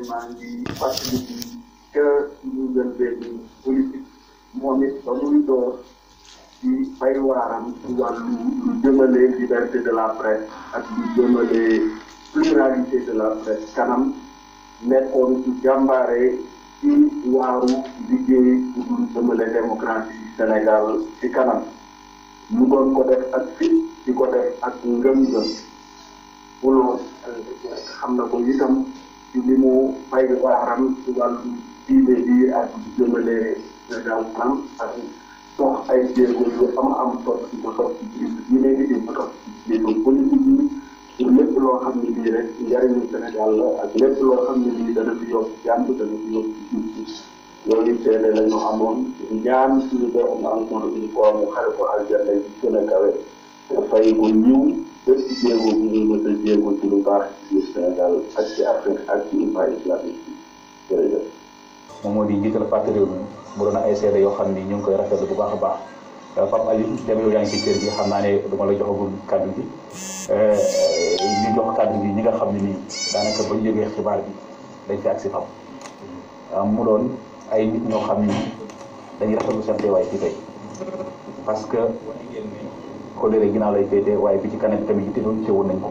tey maa ngi fàttali que ñu jël benn politique moom it ba muy door di fay waaram lu jëmale liberté de la presse ak lu jëmale pluralité de la presse kanam nekkoon ci jàmbaare ci waaru liggéey pour lu jëmale démocratie Sénégal ci kanam ñu doon ko def ak fit di ko def ak ngëm-ngëm. Wuloo xam na ko itam. ci li mu fay waaram ci wàllu diine bi ak jëmale réew kanam ak dox ay jéego yu am am solo di ko ci diine bi di ci diine politique yi pour lépp loo xam ne bii rek njëriñu ci loolu seede la ñu amoon ñaan suñu borom encore une fois a fay ko ñëw bépp jéego bu ñu mën a jéego ci lu baax Sénégal ak ci Afrique ak ci umma islamique bi moom moo di njiital parti réew mi mu doon ay seede yoo xam ni ñu ngi koy rafetlu bu baax a baax euh, Pape Aliou Deme yow yaa xam naa dama la joxagul kàddu gi euh, ñu gi ñi nga xam ne nii daanaka ba ñu jógee dañ fi agsi fam euh, mu ay nit ñoo xam ni dañuy rafetlu seen teewaay fii tey parce que colère ginnaaw lay féetee waaye bi ci kanam tamit yitte doon teewoon nañ ko.